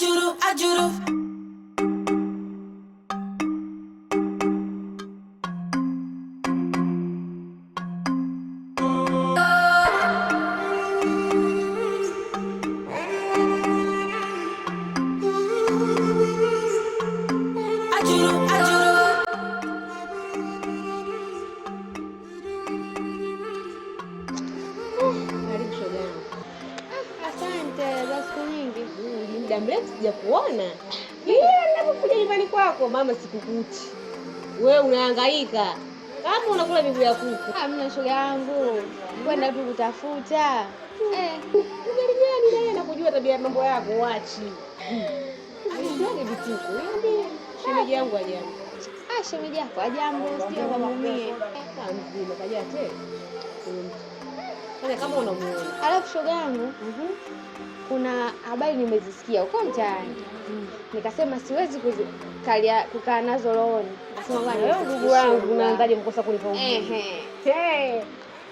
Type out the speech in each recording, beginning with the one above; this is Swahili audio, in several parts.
ajuru, do. muda mrefu sijakuona. Kila ninapokuja nyumbani kwako, mama, sikukuti wewe, unahangaika kama unakula miguu ya kuku. Hamna ah, shoga yangu, kwenda tu kutafuta Eh, eh. na kujua tabia ya mambo yako, wachi hmm. ni vituko. shemeji yangu ajambo? Ah, shemeji yako ajambo, sio mama mie ah, mzima, kaja tena fanya kama unamuona. Alafu shogangu, mhm. kuna habari nimezisikia huko mtaani, nikasema siwezi kukalia kukaa nazo rohoni. Ndugu wangu, unaanzaje mkosa kunipa?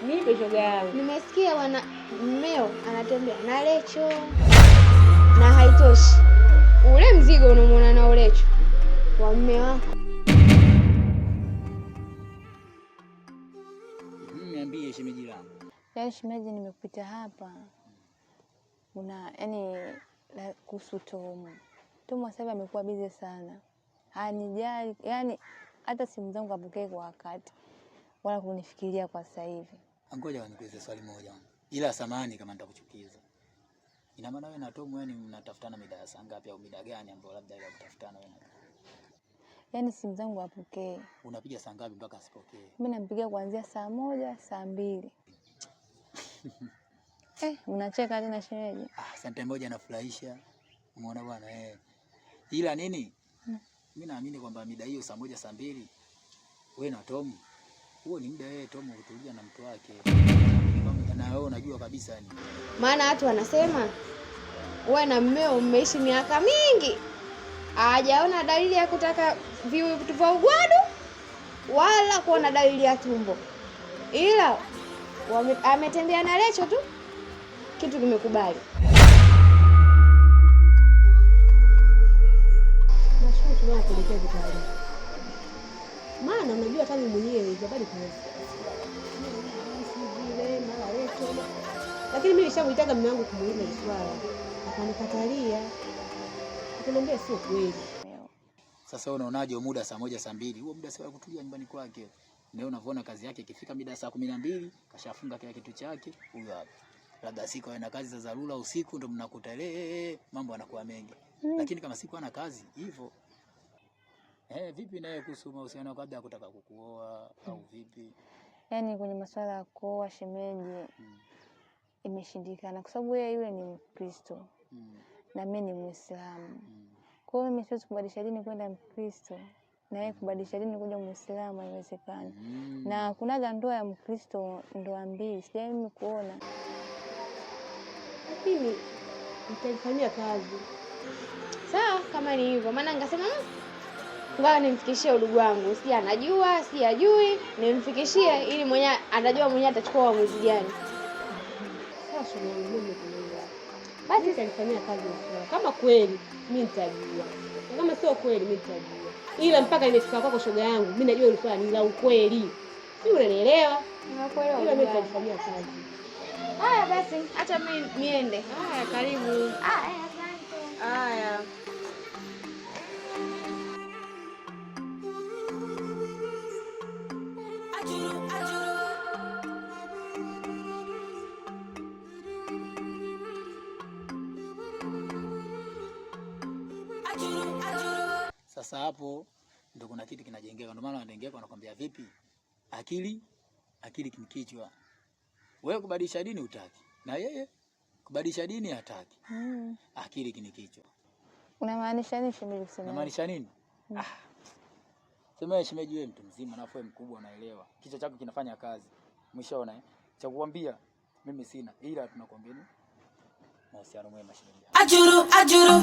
Nipe shoga yangu, nimesikia wana mmeo anatembea na Lecho na haitoshi ule mzigo unamwona na ulecho wa mme wako. Niambie shemeji langu yaani shemeji, nimepita hapa una yani kuhusu Tomo. Tomo sasa amekuwa bize sana, hanijali yani hata simu zangu apokee kwa wakati wala kunifikiria kwa sasa hivi. Ngoja wanikuulize swali moja, ila samani kama nitakuchukiza. Ina maana wewe na Tomo yani mnatafutana mida saa ngapi au mida gani ambayo labda ile kutafutana wewe? Yaani simu zangu apokee. Unapiga saa ngapi mpaka asipokee? Mimi nampigia kuanzia saa moja, saa mbili. Eh, unacheka tena shemeji. Ah, Santa moja nafurahisha Umeona bwana eh. Ila nini? Hmm. Mimi naamini kwamba mida hiyo saa moja saa mbili wewe na Tom. Huo ni muda wewe eh, Tom kutulia na mtu wake. Na wewe unajua kabisa yani. Maana watu wanasema wewe na mmeo mmeishi miaka mingi. Hajaona dalili ya kutaka vitu vya ugwadu wala kuona dalili ya tumbo. Ila ametembea na Recho tu, kitu kimekubali. Kuletea maana unajua tangu mwenyewe habari vile mara lakini mimi nishamuitaga mume wangu kumuuliza swala akanikatalia, akanambia sio kweli. Sasa wewe unaonaje muda saa moja saa mbili huo muda si wa kutulia nyumbani kwake? Ndio unavyoona kazi yake ikifika mida ya saa kumi na mbili kashafunga kila kitu chake, huyo hapa. Labda siku ana kazi za dharura usiku, ndo mnakuta ile mambo yanakuwa mengi, mm. lakini kama siku ana kazi hivyo eh. Vipi naye kuhusu mahusiano yako, labda kutaka kukuoa au vipi? Yani kwenye masuala ya kuoa shemeji, mm. imeshindikana kwa sababu yeye yule ni Mkristo mm. na mimi ni Muislamu mm. kwa hiyo mimi siwezi kubadilisha dini kwenda Mkristo na yeye kubadilisha dini kuja Muislamu haiwezekani. Mm. Na kunaga ndoa ya Mkristo, ndoa mbili sijai mimi kuona, lakini nitaifanyia kazi sawa kama ni hivyo, maana ngasema hmm, ngawa nimfikishie udugu wangu, si anajua si ajui, nimfikishie ili mwenye atajua mwenye atachukua uamuzi gani. Basi nitafanyia kazi kama kweli mimi nitajua kama sio kweli mimi nitajua, ila mpaka nimefika kwako shoga yangu, mimi najua ulifanya ni la ukweli, si unanielewa? Nakuelewa, ila mimi nitajifanyia kazi. Haya basi, acha mimi niende. Haya, karibu. Haya, ah, eh, asante. Haya. Sasa hapo ndio kuna kitu kinajengeka. Ndio maana wanaengeka wanakwambia vipi, akili akili kimkichwa. Wewe kubadilisha dini utaki, na yeye kubadilisha dini hataki. Mm. akili kinikichwa. Unamaanisha nini shemeji? Unamaanisha nini? Mm. ah. Sema shemeji, wewe mtu mzima na wewe mkubwa, unaelewa kichwa chako kinafanya kazi. Mwishaona eh, cha kukwambia mimi sina, ila tunakwambia ni mahusiano mwema shemeji. Ajuru ajuru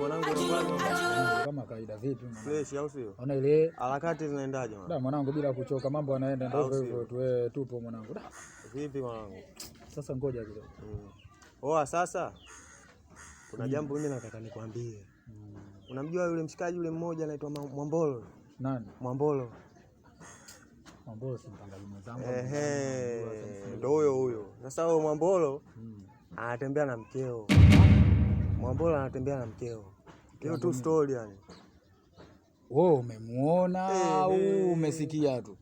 mwanangu, kama kawaida. Vipi fresh, au sio? Ona ile harakati zinaendaje mwanangu? Mwanangu, bila kuchoka, mambo yanaenda ndio hivyo tu. Wewe eh, tupo mwanangu. Vipi mwanangu, sasa ngoja kidogo. Mm. Oa, sasa kuna jambo mimi nataka nikwambie. Unamjua yule mshikaji yule mmoja anaitwa Mwambolo? Nani? Mwambolo. Mwambolo si mpangaji mwenzangu. Ehe, ndio huyo huyo. Sasa huyo Mwambolo mm. anatembea na mkeo Mwambola anatembea na mkeo. Hiyo tu story yani. Wewe umemuona au umesikia tu?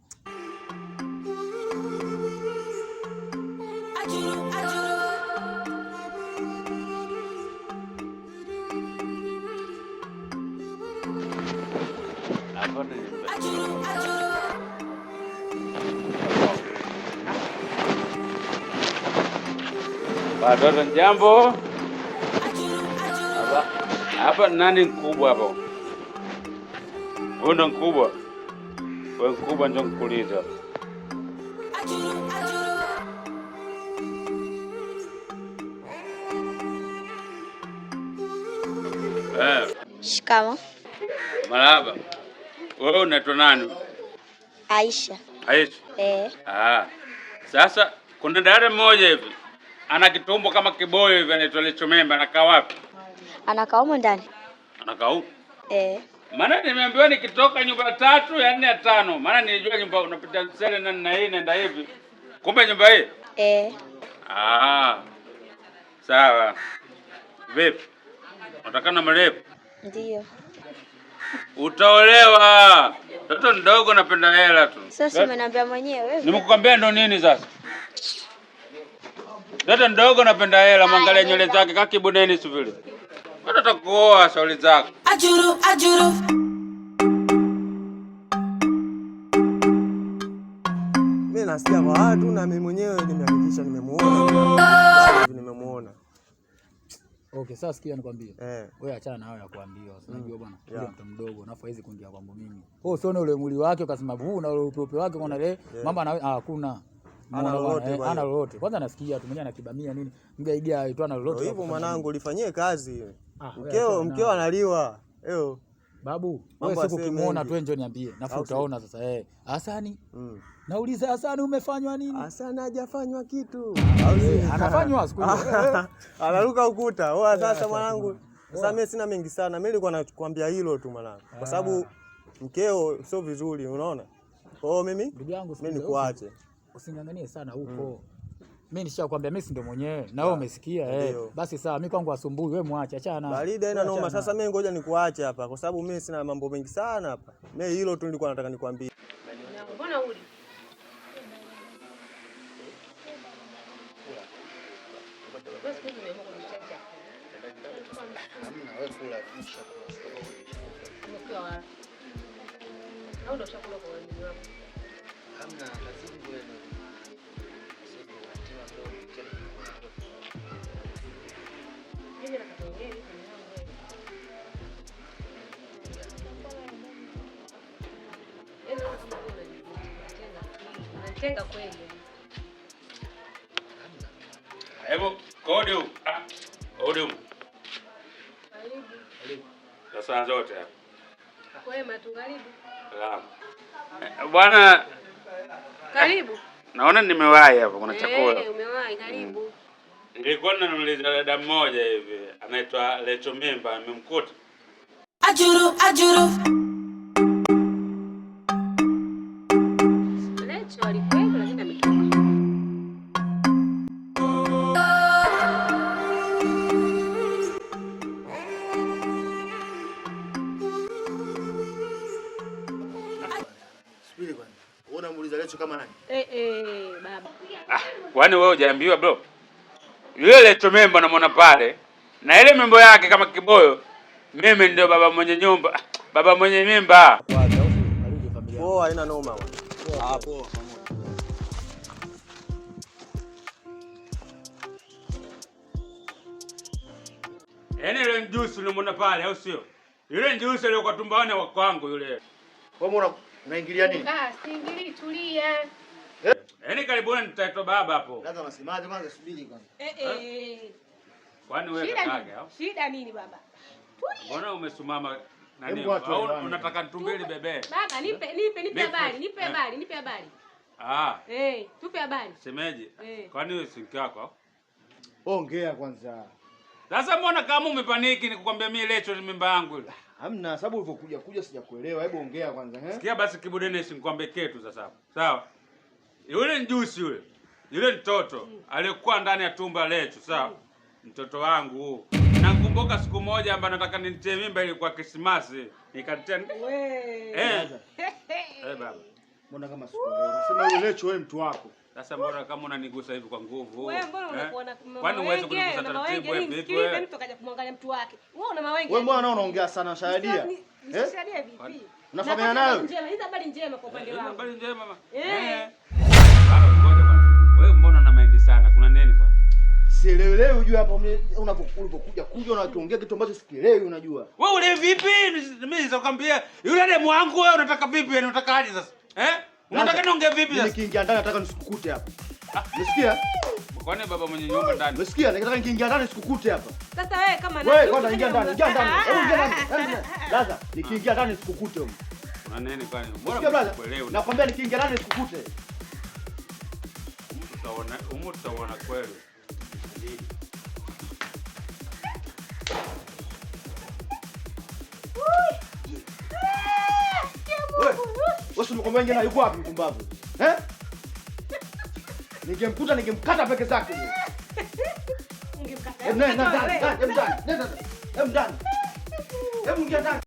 Watoto, njambo. Hapa nani mkubwa hapo? Huyu ndo mkubwa. Wewe mkubwa ndio nkuliza. Eh. Shikamo. Malaba. Wewe unaitwa nani? Aisha. Aisha. Eh. Ah. Sasa kuna dada mmoja hivi ana kitumbo kama kiboyo hivi anaitwa Lichomembe, anakaa wapi? Anakaa humo ndani. Anakaa huko? Eh. Maana nimeambiwa nikitoka nyumba tatu ya nne ya tano. Maana nilijua nyumba unapita sele na na hii naenda hivi. Kumbe nyumba hii? Eh. Ah. Sawa. Vipi? Unataka na mrefu? Ndio. Utaolewa. Mtoto mdogo napenda hela tu. Sasa umeniambia mwenyewe. Nimekukambia ndo nini sasa? Mtoto mdogo napenda hela, mwangalia nywele zake kakibuneni sivile. Atakuoa shauri zako. Ajuru, ajuru. Mimi nasikia kwa watu na mimi mwenyewe nimehakikisha nimemuona. Nimemuona. Okay, sasa sikia nikwambie. Eh. Wewe achana na hayo ya kuambiwa. Unajua bwana, mm. yule mtu mdogo na hawezi kuingia kwangu mimi. Wewe usione ule mwili wake ukasema huu na ule upepo wake unaona ile mama na ah, hakuna. Ana lolote eh, ana lolote. Kwanza nasikia tu mwenyewe anakibamia nini? Mgaidia aitwa na lolote. Hivyo mwanangu lifanyie kazi. Ah, mkeo mkeo analiwa eo Babu, wewe siku kimuona tu njoo niambie. Nafu utaona sasa eh. Hasani? Mm. Nauliza Hasani umefanywa nini? Hasani hajafanywa kitu. Eh. Anafanywa siku analuka ukuta. Oa eh, sasa mwanangu. Eh. Sasa mimi sina mengi sana. Mimi nilikuwa nakwambia hilo tu mwanangu. Kwa ah. sababu mkeo sio vizuri, unaona? Kwa hiyo mimi ndugu yangu mimi nikuache. Usinganganie sana huko. Mm. Mimi nishakwambia mimi si ndio mwenyewe na wewe ah, umesikia eh. Basi sawa, mimi kwangu asumbui, wewe mwache, achana. Baridi haina noma. Sasa mimi ngoja nikuache hapa kwa sababu mimi sina mambo mengi sana hapa. Mimi hilo tu nilikuwa nataka nikwambie. Mbona uli Tenga kweli. Hebu kodi huko. Ah, kodi huko. Sasa zote hapa. Kwema tu Salamu. Eh, bwana karibu. Naona nimewahi hapa kuna eh, chakula. Eh, umewahi karibu. Mm. Nilikuwa nanuliza dada mmoja hivi anaitwa Leto Mimba nimemkuta. Ajuru ajuru. Eh, eh, ah, kwani wewe hujaambiwa bro? Yule Letto Memba namwona pale na ile membo yake kama kiboyo, mimi ndio baba mwenye nyumba, ah, baba mwenye mimba. Poa, haina noma. Ah, poa. Yaani yule mjusi ulimwona pale au sio? Yule mjusi aliyokuwa tumbani wa kwangu yule. Wewe mbona unaingilia nini? Ah, siingilii tulia. Eh? Yaani karibuni nitaitwa baba hapo. Sasa unasemaje kwanza subiri kwanza. Eh eh. eh. Kwani wewe kakaga au? Shida nini baba? Tulia. Mbona umesimama nani? Au unataka nitumbili bebe? Baba nipe nipe nipe habari, nipe eh. habari, nipe habari. Ah. Eh, tupe habari. Semeje? Kwani wewe si mke wako? Ongea kwanza. Sasa mbona kama umepaniki nikukwambia mimi lecho ni mimba yangu ile. Hamna sababu ulivyokuja kuja sijakuelewa. Hebu ongea kwanza eh. Sikia basi Kibu si nikwambie kitu sasa Sawa. Yule ni juice yule. Yule mtoto aliyekuwa ndani ya tumba lecho, sawa? Mtoto wangu huu. Nakumbuka siku moja ambapo nataka nitie mimba ile kwa Krismasi nikatia. wewe. Eh. Eh baba. Mbona kama siku leo. Sema yule lecho wewe mtu wako. Sasa mbona kama unanigusa hivi kwa nguvu? Wewe mbona eh? unakuona kama Kwani uweze kunigusa taratibu hivi vipi wewe? Mimi tukaja kumwangalia mtu wake. Wewe una mawengi. Wewe mbona unaongea sana shahadia? Shahadia eh? vipi? Unafanya nayo? Njema, hizi habari njema kwa upande wangu. Habari njema mama. Eh. eh. Wewe mbona una maindi sana? Kuna nini bwana? Sielewelewi unajua hapo unapokuja kuja kuongea kitu ambacho sikielewi unajua. Wewe ule vipi? Mimi nilizokwambia yule demu wangu wewe unataka vipi? Unataka aje sasa? Eh? Unataka niongee vipi sasa? Nikiingia ndani nataka nisikukute hapa. Ah. Unasikia? Kwani baba mwenye nyumba ndani? Unasikia? Nataka nikiingia ndani nisikukute hapa. Sasa wewe kama nani? Wewe kwanza ingia ndani, ingia ndani. Hebu ingia ndani. Sasa nikiingia ndani nisikukute huko. Una nini kwani? Mbona unakuelewa? Nakwambia nikiingia ndani nisikukute. Umutaona, umutaona kweli. Wewe umekwambia jana yuko wapi mpumbavu? Eh? Ningemkuta ningemkata peke zake. Ningemkata. Nenda ndani, nenda ndani. Hebu ingia ndani.